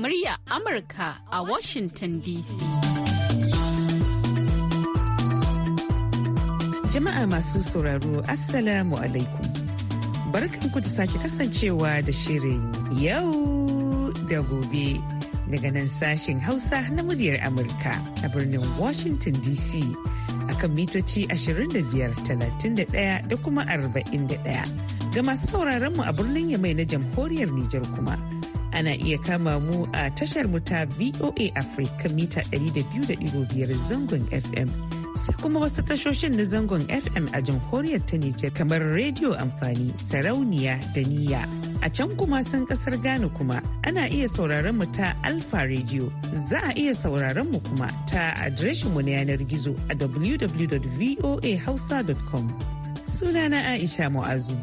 murya Amurka a Washington DC. Jama'a masu sauraro Assalamu alaikum. Barkanku da sake kasancewa da shirin yau da gobe daga nan sashen Hausa na muryar Amurka a birnin Washington DC. kan mitoci 25-31 da kuma 41 ga masu sauraron mu a birnin Yamai na jamhuriyar Nijar kuma. ana iya kama mu a tashar mu ta VOA Africa mita 200.5 zangon FM. Sai kuma wasu tashoshin na zangon FM a jamhuriyar ta Nijar kamar rediyo amfani, sarauniya da niyya. A can kuma sun kasar Ghana kuma ana iya sauraron mu ta Alfa Radio. Za a iya sauraron mu kuma ta adireshin mu na yanar gizo a www.voahausa.com. Sunana Aisha Mu'azu.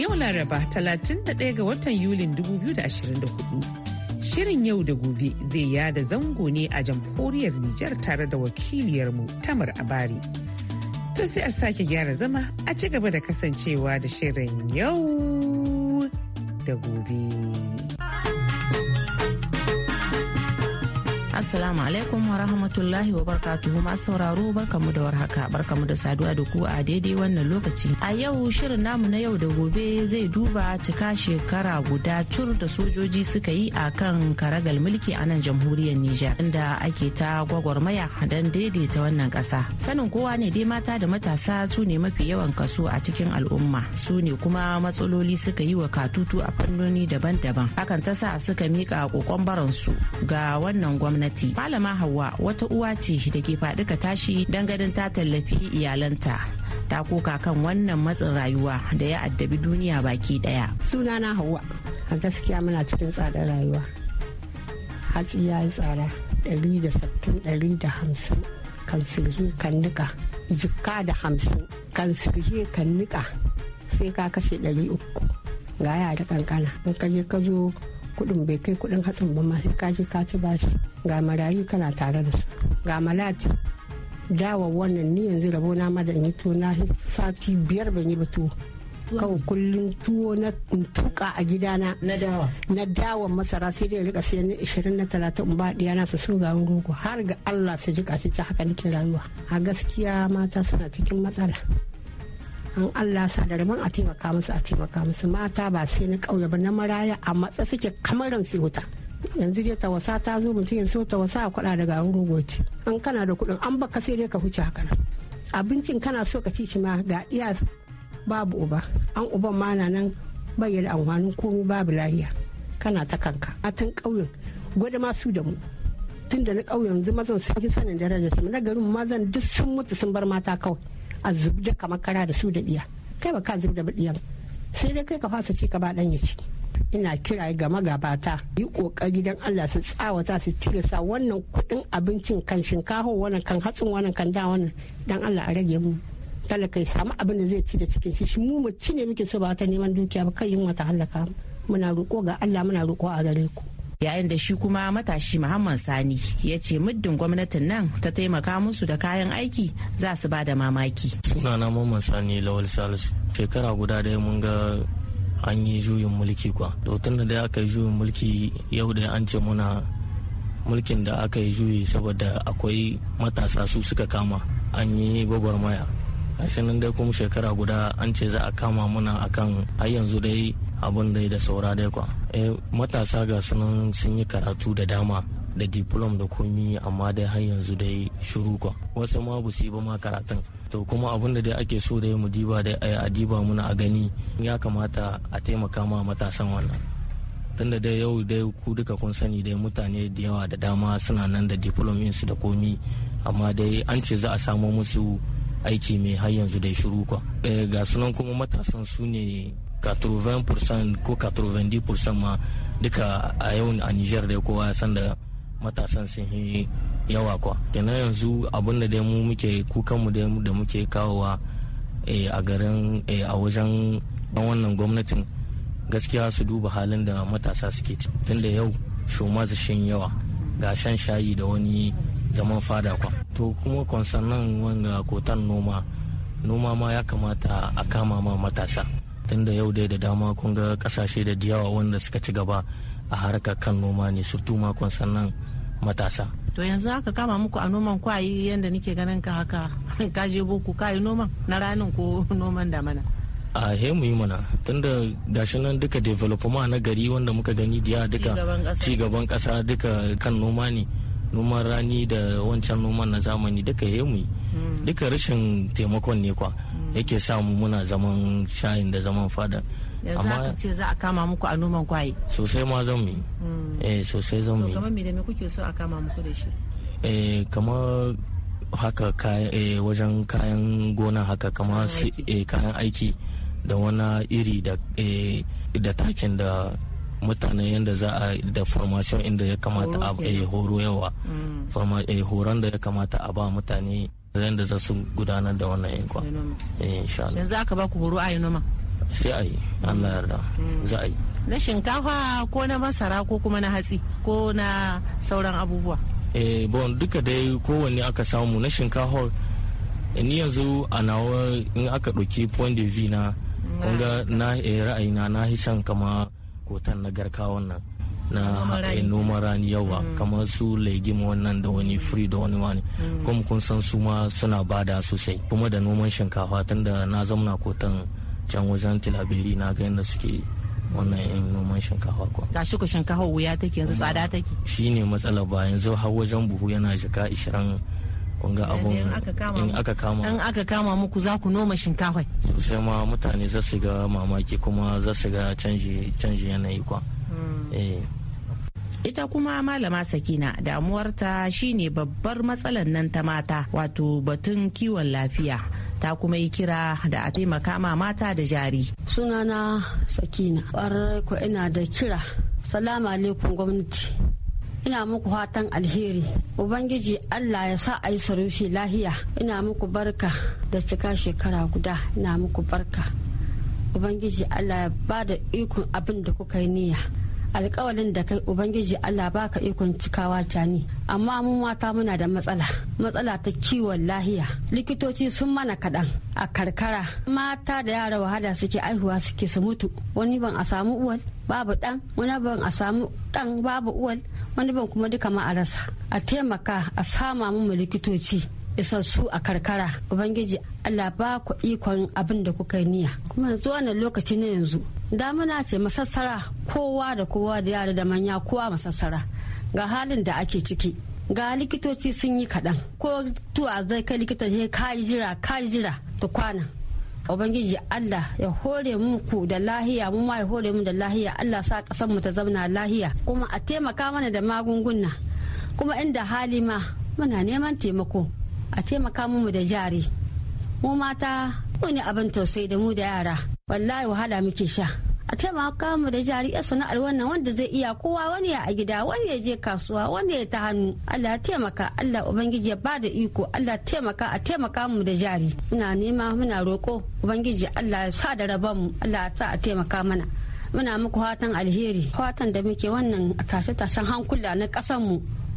yau Laraba 31 ga watan Yulin 2024. Shirin yau da gobe zai yada zango ne a jamhuriyar Nijar tare da wakiliyarmu Tamar Abari. To sai a sake gyara zama a ci gaba da kasancewa da shirin yau da gobe. assalamu alaikum wa rahmatullahi wa barkatuhu ma sauraro barkamu da warhaka barkamu da saduwa da ku a daidai wannan lokaci a yau shirin namu na yau da gobe zai duba cika shekara guda cur da sojoji suka yi a kan karagal mulki a nan jamhuriyar nijar inda ake ta gwagwarmaya don daidaita wannan kasa sanin kowa ne dai mata da matasa su ne mafi yawan kaso a cikin al'umma su ne kuma matsaloli suka yi wa katutu a fannoni daban-daban hakan ta sa suka miƙa kokon baransu ga wannan gwamnati gwamnati malama hawa wata uwa ce da ke faɗi ka tashi don ganin ta tallafi iyalanta ta koka kan wannan matsin rayuwa da ya addabi duniya baki daya sunana hawa a gaskiya muna cikin tsadar rayuwa hatsi ya yi tsara 160-150 kan sirhe kan nika jikka da hamsin kan sirhe kan nika sai ka kashe 300 ga yara kankana in ka je ka zo kuɗin bai kai kuɗin hatsin ba ma ka je ka ci bashi ga marayu kana tare da su ga malati dawa wannan ni yanzu rabo na ma da in yi tuwo na sati biyar ban yi ba tuwo kawai kullum tuwo na tuka a gidana na dawa na dawa masara sai dai rika sayan na ishirin na talatin in ba na su sun gawo rogo har ga Allah su jika shi ta haka nake rayuwa a gaskiya mata suna cikin matsala An Allah sa da rabon a taimaka musu a taimaka musu mata ba sai na kauye ba na maraya a matsa suke kamarin su wuta yanzu dai tawasa ta zo mutum yanzu tawasa a kuɗa daga rogoci an kana da kuɗin an baka sai dai ka huce haka nan abincin kana so ka ci shi ma ga iya babu uba an uban ma na nan bayyana amfanin komai babu lahiya kana ta kanka matan ƙauyen gwada ma su da mu tun da na ƙauyen yanzu mazan sun sanin darajar su na garin mazan duk sun mutu sun bar mata kawai a zub da kamar kara da su da ɗiya kai ba ka zub da sai dai kai ka fasa ce ka ba ɗan ya ci ina kira ga magabata yi kokari don Allah su tsawata su cire sa wannan kuɗin abincin kan shinkafa wannan kan hatsin wannan kan da wannan don Allah a rage mu talaka ya samu abin da zai ci da cikin shi mu mu ci ne muke so ba ta neman dukiya ba kai yin wata halaka muna roƙo ga Allah muna roƙo a gare ku yayin da shi kuma matashi muhammad sani ya ce muddin gwamnatin nan ta taimaka musu da kayan aiki za su ba da mamaki sunana muhammad sani lawal salisu shekara guda dai mun ga an yi juyin mulki kwa dautun da aka yi juyin mulki yau da an ce muna mulkin da aka yi juyi saboda akwai matasa su suka kama an yi gwagwarmaya gashi nan dai kuma shekara guda an ce za a kama muna akan har yanzu dai abin dai da saura dai kwa eh, matasa ga sunan sun yi karatu da dama da diplom da komi amma dai har yanzu dai shiru kwa wasu ma bu ba ma karatun to kuma abin da dai ake so dai mu diba dai a diba muna a gani ya kamata a taimaka ma matasan wannan tunda dai yau dai ku duka kun sani dai mutane da yawa da dama suna nan da diplom su da komi amma dai an ce za a samo musu aiki mai har yanzu dai shiru kwa eh, ga sunan kuma matasan su ne 80% ko 90% ma duka a yau a Niger da kowa ya san da matasan sun yi yawa kwa kenan yanzu abin da dai mu muke kukanmu da muke kawowa eh, a garin eh, a wajen wannan gwamnatin gaskiya su duba halin da matasa suke ci da yau shoma shin yawa ga shan shayi da wani zaman fada kwa to kuma konsannan wanga kotan noma noma ma ya kamata a kama ma matasa tunda yau dai da dama kun ga kasashe da diyawa wanda suka ci gaba a harkar kan noma ne surtu makon sannan matasa to yanzu haka kama muku a noman kwayi yadda nike ganin ka haka ka je boku kayi noman na ranin ko noman damana a he mu yi mana tunda gashi nan duka development na gari wanda muka gani diya duka ci kasa duka kan noma ne noman rani da wancan noman na zamani duka ya mu hmm. duka rashin taimakon ne kwa hmm. yake samu muna zaman shayin da zaman fada amma ce za a kama muku a noman kwaye sosai ma zan mu hmm. eh sosai zan mu kamar me da me kuke so a kama muku da shi eh kamar haka eh, wajen kayan gona haka kamar kayan eh, aiki da wani iri da eh, takin da mutane yadda za a da formation inda ya kamata a horo yawa mm. eh, horon da ya kamata a ba mutane yadda za su gudanar da wannan yankwa eh, insha yanzu aka ba ku horo a yi noma sai a yi Allah yarda mm. za a yi na shinkafa ko na masara ko kuma na hatsi ko na sauran abubuwa eh bon duka dai kowanne aka samu na shinkafa eh, ni yanzu a nawa in aka ɗauki point de view na kunga na ra'ayina na hisan kama makotan na garkawan nan na noman rani eh, yawa mm. kamar su legim wannan da wani free da wani wani mm. kuma kun san su ma suna bada sosai kuma da noman shinkafa tunda na zamna kotan can wajen tilabiri na ga yadda suke wannan yin noman shinkafa kuwa ga shi ku shinkafa wuya take yanzu tsada take shine matsala ba yanzu har wajen buhu yana jika ishirin. kunga abun in aka kama in aka kama muku za ku noma shinkafa sosai ma mutane za su ga mamaki kuma za su ga canji canji yanayi kwa hmm. eh. ita kuma malama sakina damuwar damuwarta shine babbar matsalar nan ta mata wato batun kiwon lafiya ta kuma yi kira da a taimaka ma mata da jari sunana sakina ko ina da kira salamu alaikum gwamnati ina muku fatan alheri ubangiji allah ya sa a yi sarushi lahiya ina muku barka da cika shekara guda ina muku barka ubangiji allah ya ba da ikon abin da kuka yi niyya alkawalin da kai ubangiji allah ba ka ikon cikawa jani. amma mun mata muna da matsala matsala ta kiwon lahiya likitoci sun mana kaɗan a karkara mata da yara wahala suke aihuwa suke su mutu wani ban a samu uwal babu ɗan wani ban a samu ɗan babu uwal wani ban kuma duka ma'arasa. a rasa a taimaka a sama mu likitoci isassu a karkara ubangiji allah ba ku ikon abin da kuka yi niyya kuma yanzu wannan lokaci na yanzu damuna ce masassara kowa da kowa da yara da manya kowa masassara ga halin da ake ciki ga likitoci sun yi kaɗan ko tuwa zai kai likita ka yi jira ka jira ta kwana ubangiji Allah ya hore muku da lahiya mu ma ya hore mu da lahiya Allah sa kasar mu ta zauna lahiya kuma a taimaka mana da magunguna kuma inda hali ma muna neman taimako a taimaka mu da jari mu mata ne abin tausayi da mu da yara wallahi wahala muke sha a taimaka mu da jari a sana'ar wannan wanda zai iya kowa wani ya a gida wani ya je kasuwa wani ya ta hannu Allah taimaka Allah ubangiji ya ba da iko Allah taimaka a taimaka mu da jari muna nema muna roko ubangiji Allah ya sa da rabon mu Allah ya sa a taimaka mana muna muku fatan alheri fatan da muke wannan tashe-tashen hankula na kasan mu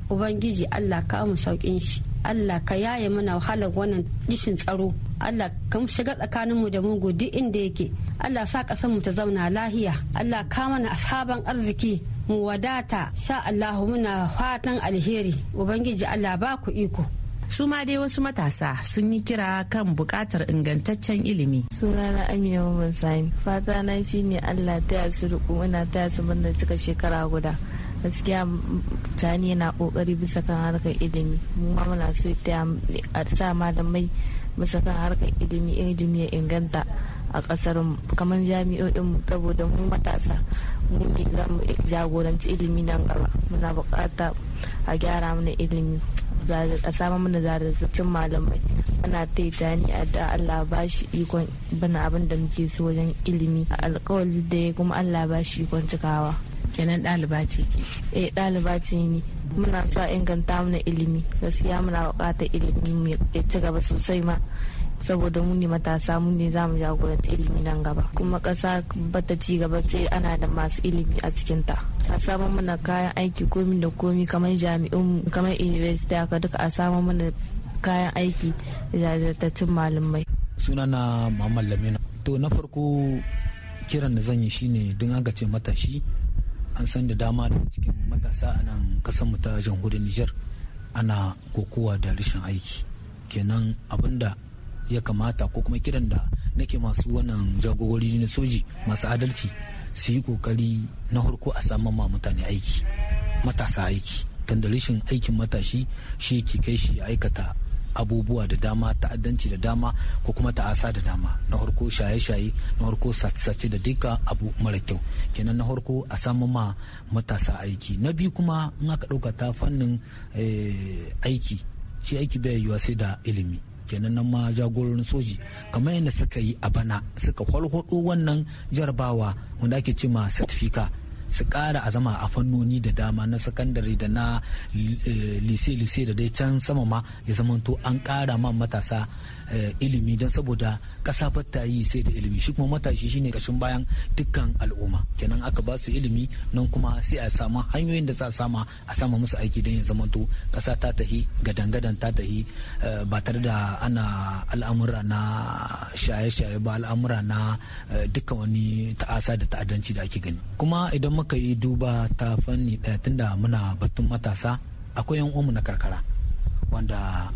ubangiji Allah kawo mu saukin shi Allah ka yaye mana wahalar wannan dishin tsaro Allah ka shiga tsakanin mu da mugu duk inda yake Allah sa kasar mu ta zauna lahiya Allah ka mana asaban arziki mu wadata sha Allah muna fatan alheri ubangiji Allah ba ku iko su ma dai wasu matasa sun yi kira kan bukatar ingantaccen ilimi. sunana amina mamman sani fata na shine allah ta yasu riƙo muna ta yasu banda cika shekara guda gaskiya tani yana kokari bisa kan harkar ilimi mu ma muna so a sa malamai bisa kan harkar ilimi ilimi ya inganta a kasar kamar jami'o'in mu saboda mu matasa mu ne za jagoranci ilimi nan gaba muna bukata a gyara mana ilimi a samu mana zaratattun malamai ana ta ni a da Allah ba shi ikon bana abin da muke so wajen ilimi a alkawali da ya kuma Allah ba shi ikon cikawa. kenan ɗaliba ce eh ɗaliba ce ne muna so a inganta mana ilimi gaskiya muna buƙatar ilimi ya ci gaba sosai ma saboda mu ne matasa mu ne zamu jagoranci ilimi nan gaba kuma ƙasa bata ci gaba sai ana da masu ilimi a cikin ta a samu mana kayan aiki komi da komi kamar jami'in kamar university haka duka a samu mana kayan aiki da malamai sunana muhammad lamina to na farko kiran da zan yi shine don aka ce matashi an san da dama da cikin matasa a nan ƙasar mu ta jamhuriyar Nijar ana kokowa da rashin aiki kenan abinda ya kamata ko kuma kiran da nake masu wannan jagorori na soji masu adalci su yi kokari na harko a saman ma mutane aiki matasa aiki tanda rashin aikin matashi shi ke kai shi aikata abubuwa da dama ta'addanci da dama ko kuma ta'asa da dama na harko shaye-shaye na harko sace da duka abu mara kyau kenan na harko a samu ma matasa aiki na biyu kuma in aka ɗauka ta fannin eh, aiki shi aiki bai yiwuwa sai da ilimi kenan nan ma jagororin soji kamar yadda suka yi a bana suka kwalkwado wannan jarabawa wanda ake ce ma su ƙara azama a fannoni da dama na sakandare da na eh, lise-lise da dai can sama ma ya zamanto an ƙara ma matasa Eh, ilimi don saboda ƙasa fatta yi sai da ilimi shi kuma matashi shine kashin bayan dukkan al'umma kenan aka ba su ilimi nan kuma sai a samu hanyoyin da za a sama a sama musu aiki don ya zamanto kasa ta tahi gadan-gadan ta tahi eh, ba tare da ana al'amura na shaye-shaye ba al'amura na eh, dukkan wani ta'asa da ta'addanci da ake gani kuma idan muka yi duba ta fanni ɗaya tunda muna batun matasa akwai yan umu na karkara wanda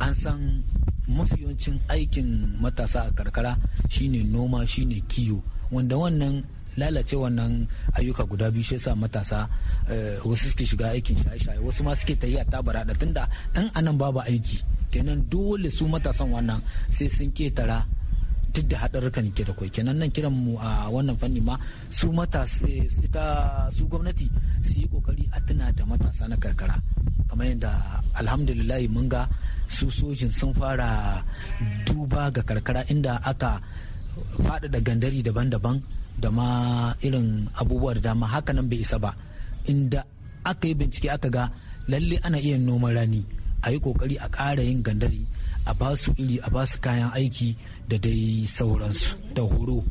an san mafiyancin aikin matasa a karkara shine noma shine kiyo wanda wannan lalace wannan ayyuka guda biyu shi sa matasa eh, wasu suke shiga aikin shaye-shaye wasu ma suke tayi a tabara da tunda in anan babu aiki kenan dole su matasan wannan sai sun ketara duk da haɗarurrukan ke da kwai kenan nan kiran mu a wannan fanni ma su matasa eh, su gwamnati su yi kokari a tuna da matasa na karkara kamar yadda alhamdulillah mun ga su sojin sun fara duba ga karkara inda aka faɗaɗa gandari daban-daban da ma irin abubuwa da dama hakanan bai isa ba inda aka yi bincike aka ga lalle ana iya noman rani a yi kokari a ƙara yin gandari a basu iri a basu kayan aiki da dai sauransu da horo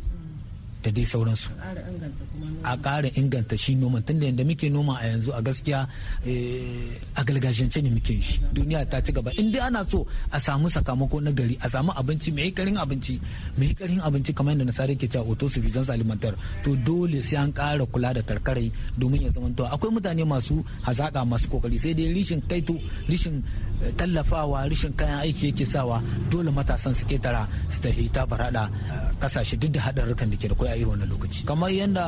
da dai sauransu a ƙara inganta shi noman tun da yadda muke noma a yanzu a gaskiya eh, a galgajance ne muke shi duniya ta ci gaba in dai ana so a samu sakamako na gari a samu abinci mai karin abinci mai karin abinci kamar yadda nasara ke cewa autosuffisance alimentar to dole sai an ƙara kula da karkarai domin ya zama akwai mutane masu hazaƙa masu kokari sai dai rishin kaito rishin tallafawa rashin kayan aiki yake sawa dole matasan su ketara su tafi ta barada kasashe duk da haɗarurrukan da ke da a irin wannan lokaci kamar yadda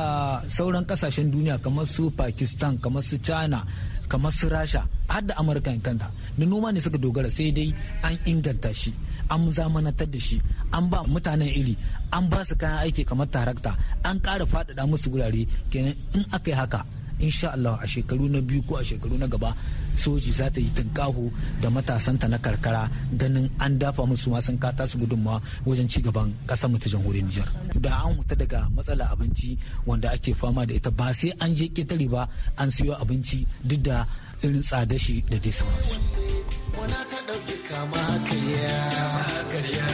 sauran kasashen duniya kamar su pakistan kamar su china kamar su rasha har da amurka kanta da noma ne suka dogara sai dai an inganta shi an zamanantar da shi an ba mutanen iri an ba su kayan aiki kamar tarakta an ƙara faɗaɗa musu wurare kenan in aka yi haka insha Allah a shekaru na biyu ko a shekaru na gaba soji za ta yi tunkaho da matasanta na karkara ganin an dafa musu ma sun kata su gudunmawa wajen ci gaban kasar mu ta jamhuriyar Nijar da an huta daga matsala abinci wanda ake fama da ita ba sai an je ketare ba an siyo abinci duk da irin tsada shi da dai sauransu. Wana ta kama karya, karya,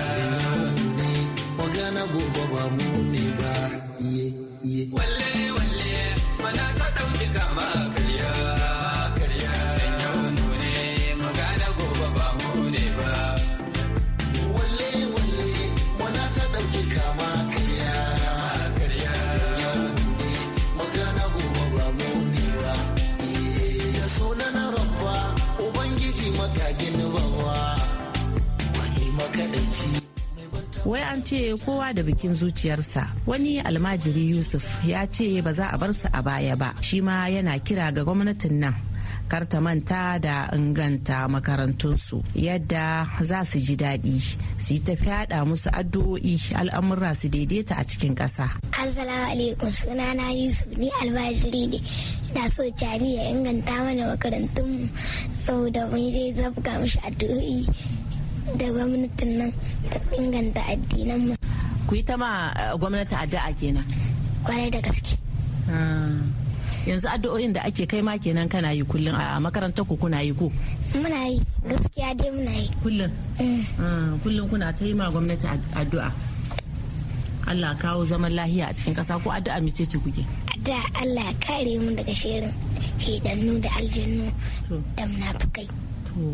gobe ba mu an ce kowa da bikin zuciyarsa wani almajiri yusuf ya ce ba za a bar su a baya ba shi ma yana kira ga gwamnatin nan kar ta manta da inganta makarantunsu yadda za su ji daɗi su yi ta fyaɗa musu addu'o'i al'amura su daidaita a cikin ƙasa. Assalamu alaikum suna na Yusuf ni albashiri ne ina so cani ya inganta mana makarantunmu saboda mun je zabga mashi addu'o'i da gwamnatin nan ta inganta addinan mu ku yi ta ma eh, gwamnati addu'a kenan kwarai da gaske ah. yanzu addu'o'in da ake kai ma kenan kana yi kullum a makarantar ku kuna yi ko muna yi gaskiya dai muna yi kullum mm. ah, kullum kuna ta yi ma gwamnati addu'a Allah kawo zaman lahiya a cikin kasa ko addu'a mace ce kuke addu'a Allah kare mu daga shirin hidannu da aljannu da munafukai to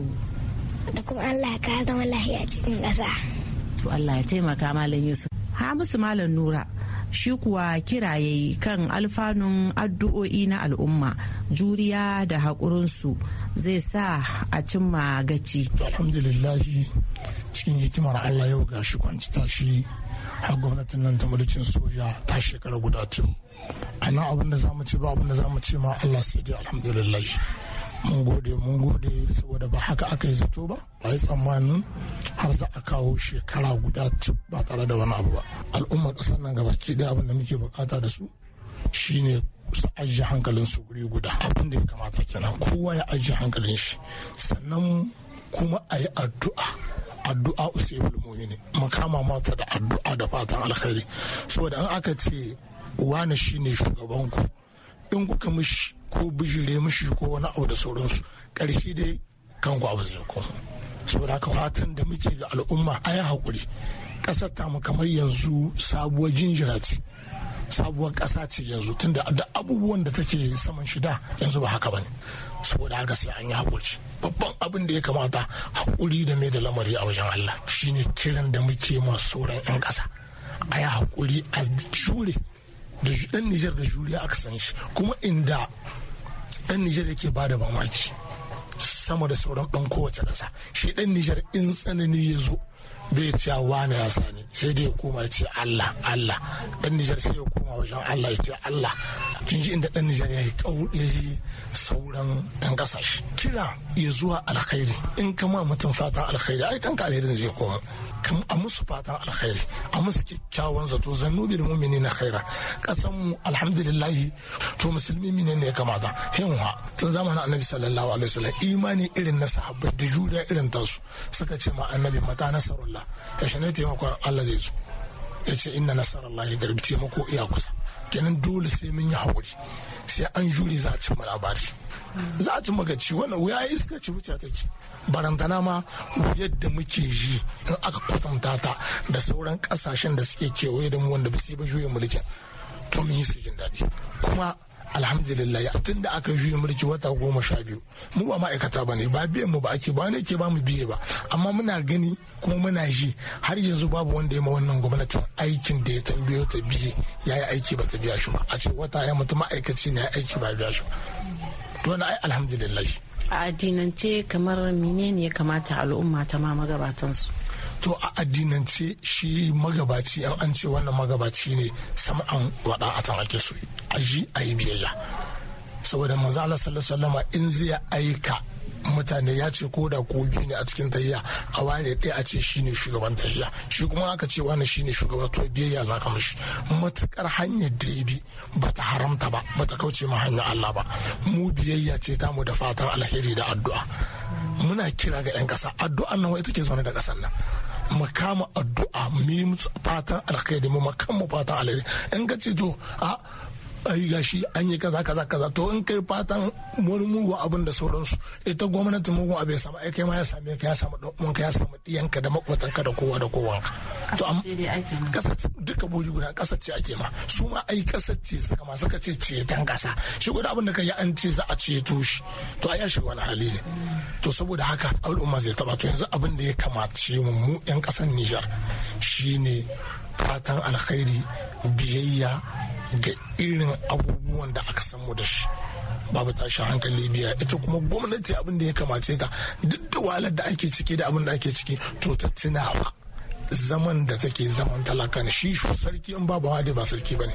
da kuma Allah ka zama lahiya cikin ƙasa. To Allah ya taimaka Malam Yusuf. ha musu Malam Nura shi kuwa kiraye kan alfanun addu'o'i na al'umma juriya da haƙurinsu zai sa a cimma gaci. alhamdulillah cikin hikimar Allah yau ga shi kwanci tashi har gwamnatin nan ta mulkin soja ta shekara guda tun. A nan abin da za mu ce ba abin da za mu ce ma Allah sai dai alhamdulillah. mun gode mun gode saboda ba haka aka yi zato ba ba yi tsammanin har za a kawo shekara guda ba tare da wani abu ba al'ummar ƙasar nan gabaki ɗaya abin da muke bukata da su shine su ajiye hankalin su guri guda abin da ya kamata kenan kowa ya ajiye hankalin shi sannan kuma a yi addu'a addu'a usaibul mu'mini makama mata da addu'a da fatan alkhairi saboda in aka ce wani shine shugaban ku in kuka mishi ko bijire mishi ko wani abu da sauransu ƙarshe dai kan abu zai koma so da fatan da muke ga al'umma a yi haƙuri ƙasar tamu kamar yanzu sabuwar jinjira ce sabuwar ƙasa ce yanzu tunda da abubuwan da take saman shida yanzu ba haka bane saboda haka sai an yi haƙuri babban abin da ya kamata haƙuri da mai da lamari a wajen Allah shine kiran da muke masu sauran 'yan ƙasa a yi haƙuri a jure da ɗan Nijar da juriya aka san shi kuma inda dan Nijar yake ba da mamaki sama da sauran dan kowace ƙasa shi dan Nijar in tsanani ya zo bai ce ah, wani ya sani sai dai ya koma ya ce Allah Allah dan Nijar sai ya koma wajen Allah ya ce Allah kin ji inda dan Nijar ya yi kauɗe sauran ɗan ƙasashe kira ya zuwa alkhairi in kama mutum fatan alkhairi ai kanka alherin zai koma kam a musu fatan alkhairi a musu kyakkyawan zato zannu bil mu'mini na khaira kasan mu alhamdulillah to musulmi mine ne ya kamata hinwa tun zamanin annabi sallallahu alaihi wasallam imani irin na sahabbai da juriya irin tasu suka ce ma annabi mata nasarullah Allah ya ne taimako Allah zai zo ya ce inna ya garbi taimako iya kusa kenan dole sai mun yi haƙuri sai an juri za a mu labari za a mu gaci wannan wuya iska ci wuce ci barantana ma yadda muke ji in aka kwatanta ta da sauran kasashen da suke kewaye da mu wanda ba su ba juyin mulkin to mun yi su jin daɗi kuma alhamdulillah tun da aka juyi mulki wata goma sha biyu mu ba ma'aikata ba ne ba biyan mu ba ake ba ne ke ba mu biye ba amma muna gani kuma muna ji har yanzu babu wanda ya ma wannan gwamnatin aikin da ya tambayo ta biye ya yi aiki ba ta biya shi ba a ce wata ya mutu ma'aikaci ne ya aiki ba biya shi ba to na ai alhamdulillah a addinance kamar menene ya kamata al'umma ta ma magabatan su to a addinance shi magabaci an ce wannan magabaci ne sam'an wada a ake so a ji a yi biyayya saboda manzo Allah sallallahu alaihi in zai aika mutane ya ce ko da ko biyu ne a cikin tayya a ware ɗaya a ce shi ne shugaban tayya shi kuma aka ce wani ne shugaban to biyayya za ka mishi matukar hanyar da ya bi ba ta haramta ba ba ta kauce ma hanyar Allah ba mu biyayya ce ta mu da fatar alheri da addu'a muna kira ga 'yan kasa addu'a nan wai take zaune da kasan nan mu kama addu'a mu yi fatan alheri mu makama fatan alheri in ga ce to a ayi gashi an yi kaza kaza kaza to in kai fatan wani mugun abin da sauransu ita gwamnati mugun abin sama ai kai ma ya same ka ya samu dan ka ya samu diyanka da makwatanka da kowa da kowa to am kasace duka boji guda kasace ake ma su ma ai kasa suka ma suka ce ce dan kasa shi guda abin da kai an ce za a ceto shi to ai ya wani hali ne to saboda haka al'umma zai taba to yanzu abin da ya kamace mu mu yan kasar Niger shine fatan alkhairi biyayya ga irin abubuwan da aka samu da shi babu tashin hankali biya ita kuma gwamnati abin da ya kamace ta duk da wahalar da ake ciki da abin da ake ciki to ta tunawa zaman da take zaman talaka shi sarki in babu wade ba sarki bane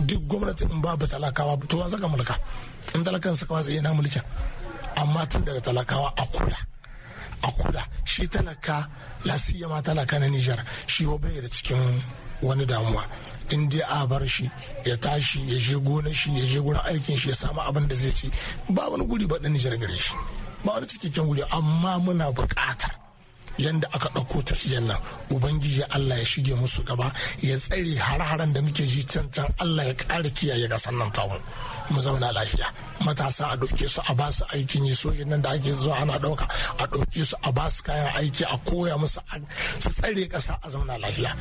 duk gwamnati in babu talakawa to wa zaka mulka in talakan suka watsa yana mulkin amma tun daga talakawa a kula a kula shi talaka lasiyama talaka na nijar shi bai da cikin wani damuwa in dai a bar shi ya tashi ya je gonar shi ya je gonar aikin shi ya samu abin da zai ci ba wani guri ba da nijar gare shi ba wani cikakken guri amma muna buƙatar yanda aka ɗauko tafiyar nan ubangiji Allah ya shige musu gaba ya tsare har-haren da muke ji can can Allah ya ƙara kiyaye ga sannan tamu mu zauna lafiya matasa a ɗauke su a ba su aikin yi sojin nan da ake zuwa ana ɗauka a ɗauke su a ba su kayan aiki a koya musu su tsare ƙasa a zauna lafiya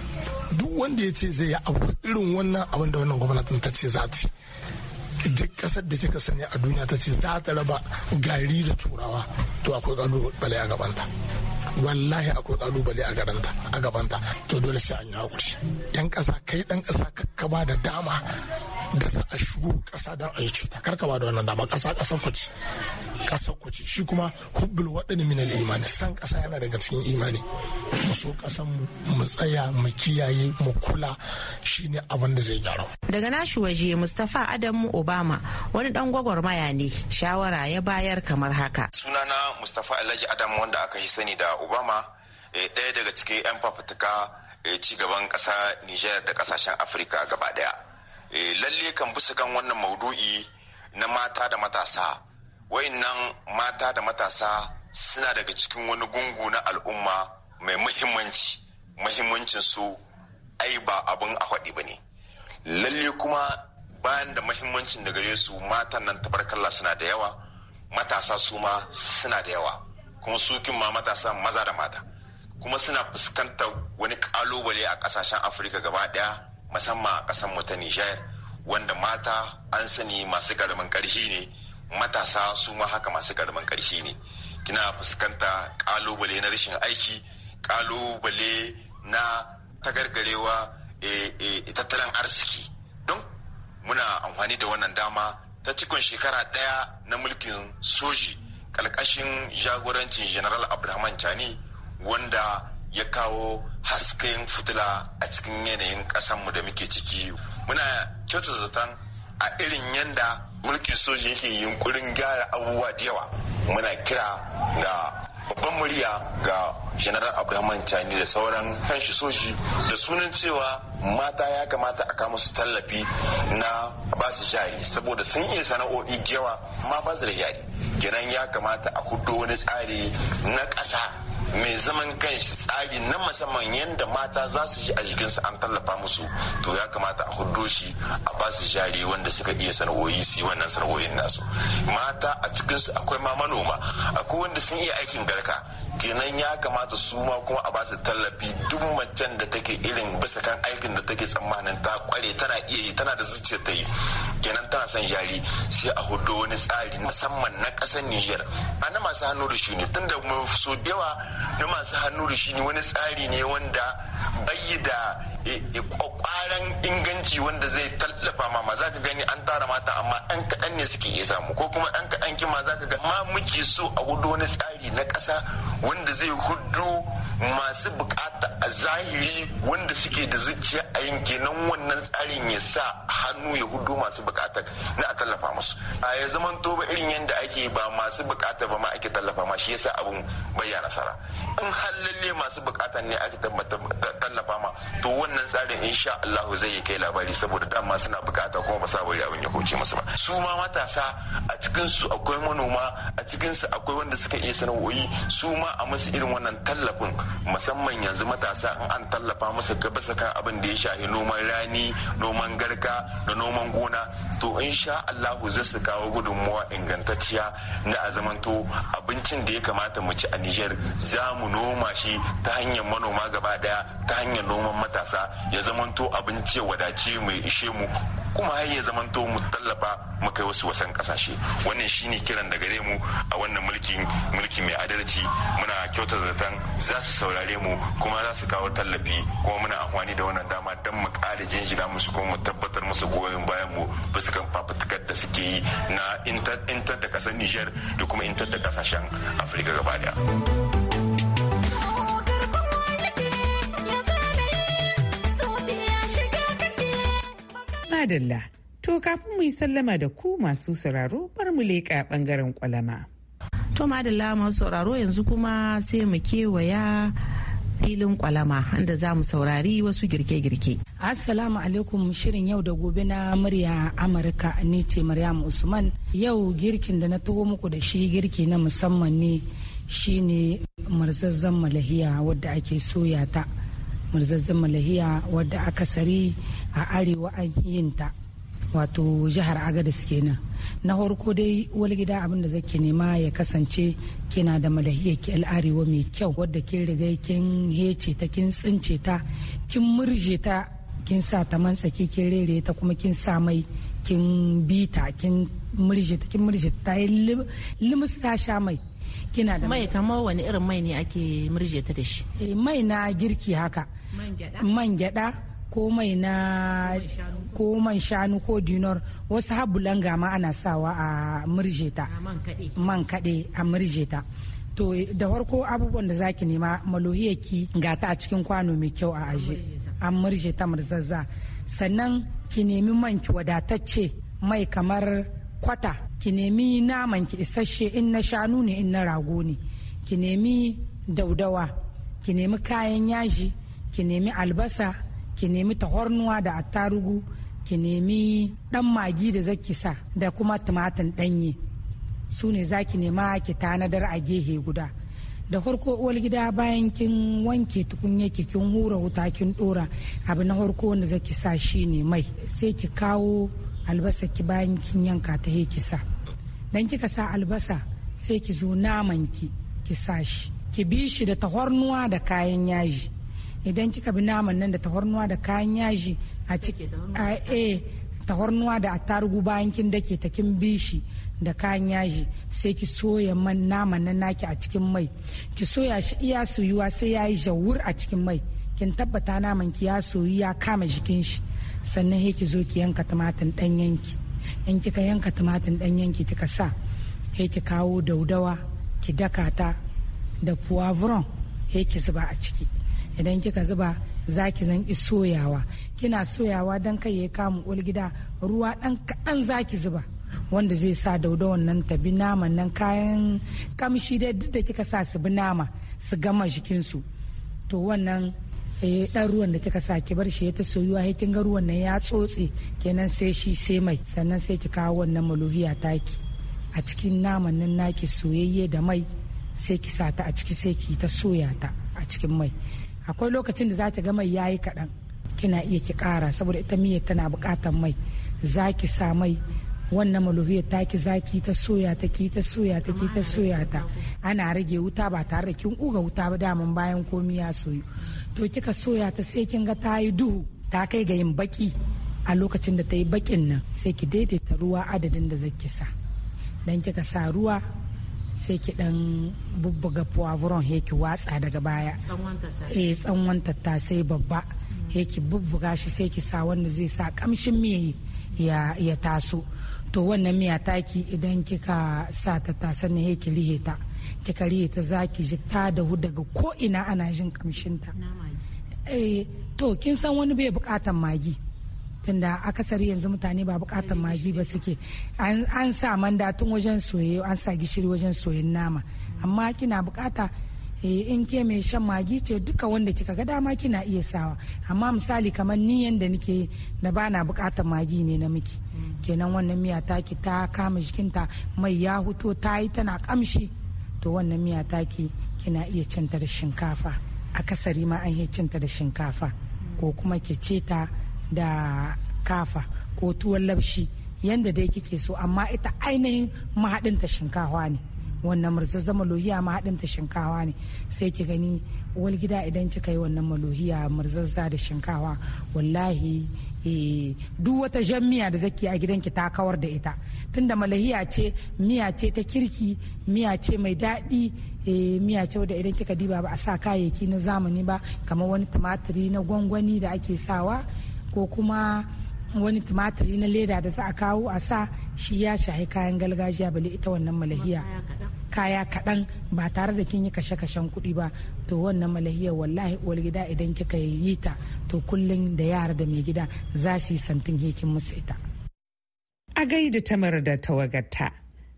duk wanda ya ce zai yi abu irin wannan abin da wannan gwamnatin ta ce za ta duk kasar da kika sanya a duniya ta ce za ta raba gari da turawa to akwai kalubale a gabanta wallahi akwai kalubale a gabanta to dole sai an yi hakuri yan kasa kai dan kasa ka ba da dama da sa a shigo kasa da a yi cuta karka ba da wannan dama kasa kasar kwaci shi kuma hubbul waɗani minal imani san kasa yana daga cikin imani mu so kasan mu tsaya mu kiyaye mu kula shine abin da zai gyara daga nashi waje Mustapha Adamu Obama wani dan gwagwarmaya ne shawara ya bayar kamar haka sunana Mustapha Alhaji Adamu wanda aka shi sani da Obama eh, ɗaya daga cikin 'yan fafutuka eh, ci gaban ƙasa Nijar da ƙasashen Afirka gaba ɗaya. Eh, lalle kan bisa kan wannan maudu'i na mata da matasa wayannan mata da matasa suna daga cikin wani gungu na al'umma mai muhimmanci muhimmancin su ai ba abin a faɗi ba ne lalle kuma bayan da muhimmancin da gare su matan nan tabarkalla suna da yawa matasa su ma suna da yawa kuma su ma matasa maza da mata kuma suna fuskantar wani kalubale a kasashen afirka gaba daya musamman a ƙasar mu ta Nijar wanda mata an sani masu garman ƙarfi ne matasa su ma haka masu karamin ƙarfi ne kina fuskanta ƙalubale na rashin aiki ƙalubale na tagargarewa eh, eh, tattalin arziki don muna amfani da wannan dama ta cikin shekara ɗaya na mulkin soji ƙalƙashin jagorancin general abdulrahman chani wanda ya kawo hasken fitila a cikin yanayin ƙasanmu da muke ciki muna kyauta zaton a irin yanda mulkin soja yake yunkurin gyara abubuwa da yawa muna kira ga babban murya ga general abraham chani da sauran kanshi soji da sunan cewa mata ya kamata a kama su tallafi na ba su jari saboda sun iya sana'o'i da yawa ma ba su da jari kenan ya kamata a kudo wani tsari na ƙasa mai zaman kanshi tsari na musamman yadda mata za su ji a jikinsu an tallafa musu to ya kamata a hudo shi a ba su jari wanda suka iya sana'o'i su yi wannan sana'o'in nasu mata a cikinsu akwai ma manoma akwai wanda sun iya aikin garka kenan ya kamata su ma kuma a ba su tallafi duk macen da take irin bisa kan aikin da take tsammanin ta kware tana iya yi tana da zuciya ta yi kenan tana son jari sai a hudu wani tsari na musamman na ƙasar Nijar a na masu hannu da shuni tunda so da yawa na masu hannu da ne wani tsari ne wanda bai kwakwaran inganci wanda zai tallafa ma ma zaka gani an tara mata amma ɗan kaɗan ne suke iya samu ko kuma ɗan kaɗan kima zaka ga ma muke so a gudu wani tsari na ƙasa wanda zai hudu masu bukata a zahiri wanda suke da zuciya a yin kenan wannan tsarin ya sa hannu ya hudu masu bukata na a tallafa musu a ya zaman to ba irin yadda ake ba masu bukata ba ma ake tallafa ma shi yasa abun bayyana ya nasara in halalle masu bukata ne ake tallafa ma to wannan tsarin insha Allah zai kai labari saboda dama suna bukata kuma ba sa bari ya koce musu ba su ma matasa a cikin su akwai manoma a cikin su akwai wanda suka iya sana'o'i su ma a musu irin wannan tallafin musamman yanzu matasa in an tallafa musu gaba kan abin da ya shafi noman rani noman garka da noman gona to insha Allah zai su kawo gudunmuwa ingantacciya na a zamanto abincin da ya kamata mu ci a Nijar za mu noma shi ta hanyar manoma gaba daya ta hanyar noman matasa ya zamanto abinci ya wadace mai ishe mu kuma har ya zamanto mu tallafa mu kai wasu wasan kasashe wannan shine kiran da gare mu a wannan mulkin mulki mai adalci muna kyautata zaton za su saurare mu kuma za su kawo tallafi kuma muna amfani da wannan dama don mu kare jinjina musu kuma mu tabbatar musu goyon bayan mu bisa kan fafutukar da suke yi na intar da kasar Niger da kuma intar da kasashen Afirka gaba daya. Adalla, to kafin mu yi sallama da ku masu sauraro bar mu leƙa ɓangaren kwalama. To Madalla masu sauraro yanzu kuma sai mu kewaya filin kwalama inda za mu saurari wasu girke-girke. Assalamu alaikum shirin yau da gobe na murya Amurka ne ce Maryam Usman. Yau girkin da na taho muku da shi girki na musamman ne shine marzazzan malahiya wadda ake soya ta. murzazzin malahiya wadda sari a arewa an yinta wato jihar agadis kenan na farko dai wani gida abin da zake nema ya kasance kina da malahiya ki al'arewa mai kyau wadda kin riga kin hece ta kin tsince ta kin murje ta kin sa ta mantsaki kin rere ta kuma kin sa mai kin bita kin murje ta kin murje ta yi limus sha mai kina da mai kamar wani irin mai ne ake murje ta da shi eh, mai na girki haka man gyada ko mai na ko man shanu ko dinar wasu langa ma ana sawa a murje ta man kaɗe a murje ta to eh, da farko abubuwan da zaki nema malohiyarki ga ta a cikin kwano mai kyau a aji an murje ta murzazza sannan ki nemi man ki wadatacce mai kamar kwata ki nemi naman ki isasshe in na shanu ne in na rago ne ki nemi daudawa ki nemi kayan yaji ki nemi albasa ki nemi tahornuwa da attarugu ki nemi dan magi da zaki sa da kuma tumatin danye su ne za ki nema ki tanadar a gehe guda da farko uwar gida bayan kin wanke tukunya ki kin hura wuta kin dora abu na farko wanda zaki sa shi mai sai ki kawo albasa ki bayan kin yanka ta ki sa dan kika sa albasa sai ki zo naman ki ki sa shi ki bi shi da tahornuwa da kayan yaji idan kika bi naman nan da tahornuwa da kayan yaji a ciki a eh, tahornuwa da attarugu bayan kin dake ta kin bi shi da kayan yaji sai ki soya man naman nan naki a cikin mai ki soya shi iya soyuwa sai yayi jawur a cikin mai kin tabbata naman ki ya soyu ya kama jikin shi sannan sai ki zo ki yanka tumatir ɗanyen ki in kika yanka tumatir ɗanyen ki kika sa sai ki kawo daudawa ki daka ta da poivron sai ki zuba a ciki idan kika zuba za ki zan ki soyawa kina soyawa don kai ya kamu ulgida ruwa ɗan kaɗan za ki zuba wanda zai sa daudawan nan ta bi nama nan kayan kamshi da duk da kika sa su bi nama su gama jikinsu to wannan Eh, dan ruwan da kika sa ki bar shi ya ta soyuwa sai kin ga ruwan nan ya tsotse kenan sai shi sai mai sannan sai ki kawo wannan maluhiya taki a cikin naman nan naki soyayye da mai sai ki sa ta a ciki sai ki ta soya ta a cikin mai akwai lokacin da za ta ga mai yayi kaɗan kina iya ki kara saboda ita miyar tana buƙatar mai za ki sa mai wannan malohiyar ki zaki ta soya ta ki ta soya ta ki ta soya ta ana rage wuta ba tare da kin kuga wuta ba daman bayan komi ya soyu to kika soya ta sai kin ga ta yi duhu ta kai ga yin baki a lokacin da ta yi bakin nan sai ki daidaita ruwa adadin da zaki sa dan kika sa ruwa sai ki dan bubbuga puwavuron he ki watsa daga baya eh tatta tattasai babba he ki bubbuga shi sai ki sa wanda zai sa kamshin miya ya taso to wannan miya taki idan kika sa ta sani ya ki rihe ta kika rihe ta za ki ji ta dahu daga ko ina ana jin kamshin ta eh, to kin san wani bai bukatan magi tunda akasari yanzu mutane ba bukatan magi ba suke an sa tun wajen soye an sa gishiri wajen soyin nama mm. amma kina bukata Eh in ke mai shan magi ce duka wanda kika ga dama kina iya sawa amma misali kamar ni yanda nake na bana bukatar magi ne na miki kenan wannan miya taki ta kama jikinta mai ya huto ta yi tana kamshi to wannan miya taki kina iya cinta da shinkafa akasari ma an iya cinta da shinkafa ko kuma ke ce ta da kafa ko tuwon labshi yanda dai kike so amma ita ainihin mahaɗinta shinkafa ne wannan murzazzar malohiya ma haɗin ta shinkawa ne sai ki gani wal gida idan kika yi wannan malohiya murzazza da shinkawa wallahi eh, duk wata jan miya da zaki a gidanki ta kawar da ita tunda malahiya ce miya ce ta kirki miya ce mai daɗi eh, miya ce wadda idan kika diba ba a sa kayayyaki na zamani ba kamar wani tumatiri na gwangwani da ake sawa ko kuma wani tumatiri na leda da za a kawo a sa shi ya shahi kayan galgajiya bale ita wannan malahiya kaya kaɗan ba tare da kin yi kashe-kashen kuɗi ba to wannan malahiyar wallahi uwar gida idan kika yi ta to kullum da yara da mai gida za su yi santin hekin musu ita. A gaida tamar da tawagarta.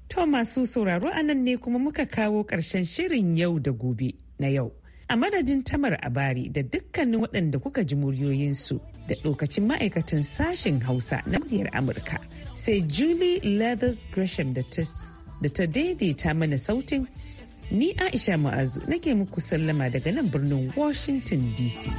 To masu sauraro a nan ne kuma muka kawo ƙarshen shirin yau da gobe na yau. A madadin tamar abari da dukkanin waɗanda kuka ji muryoyinsu da ɗaukacin ma'aikatan sashen Hausa na muryar Amurka. Sai Julie Leathers Gresham da ta da ta daidaita mana sautin ni aisha ma'azu nake muku sallama daga nan birnin washington dc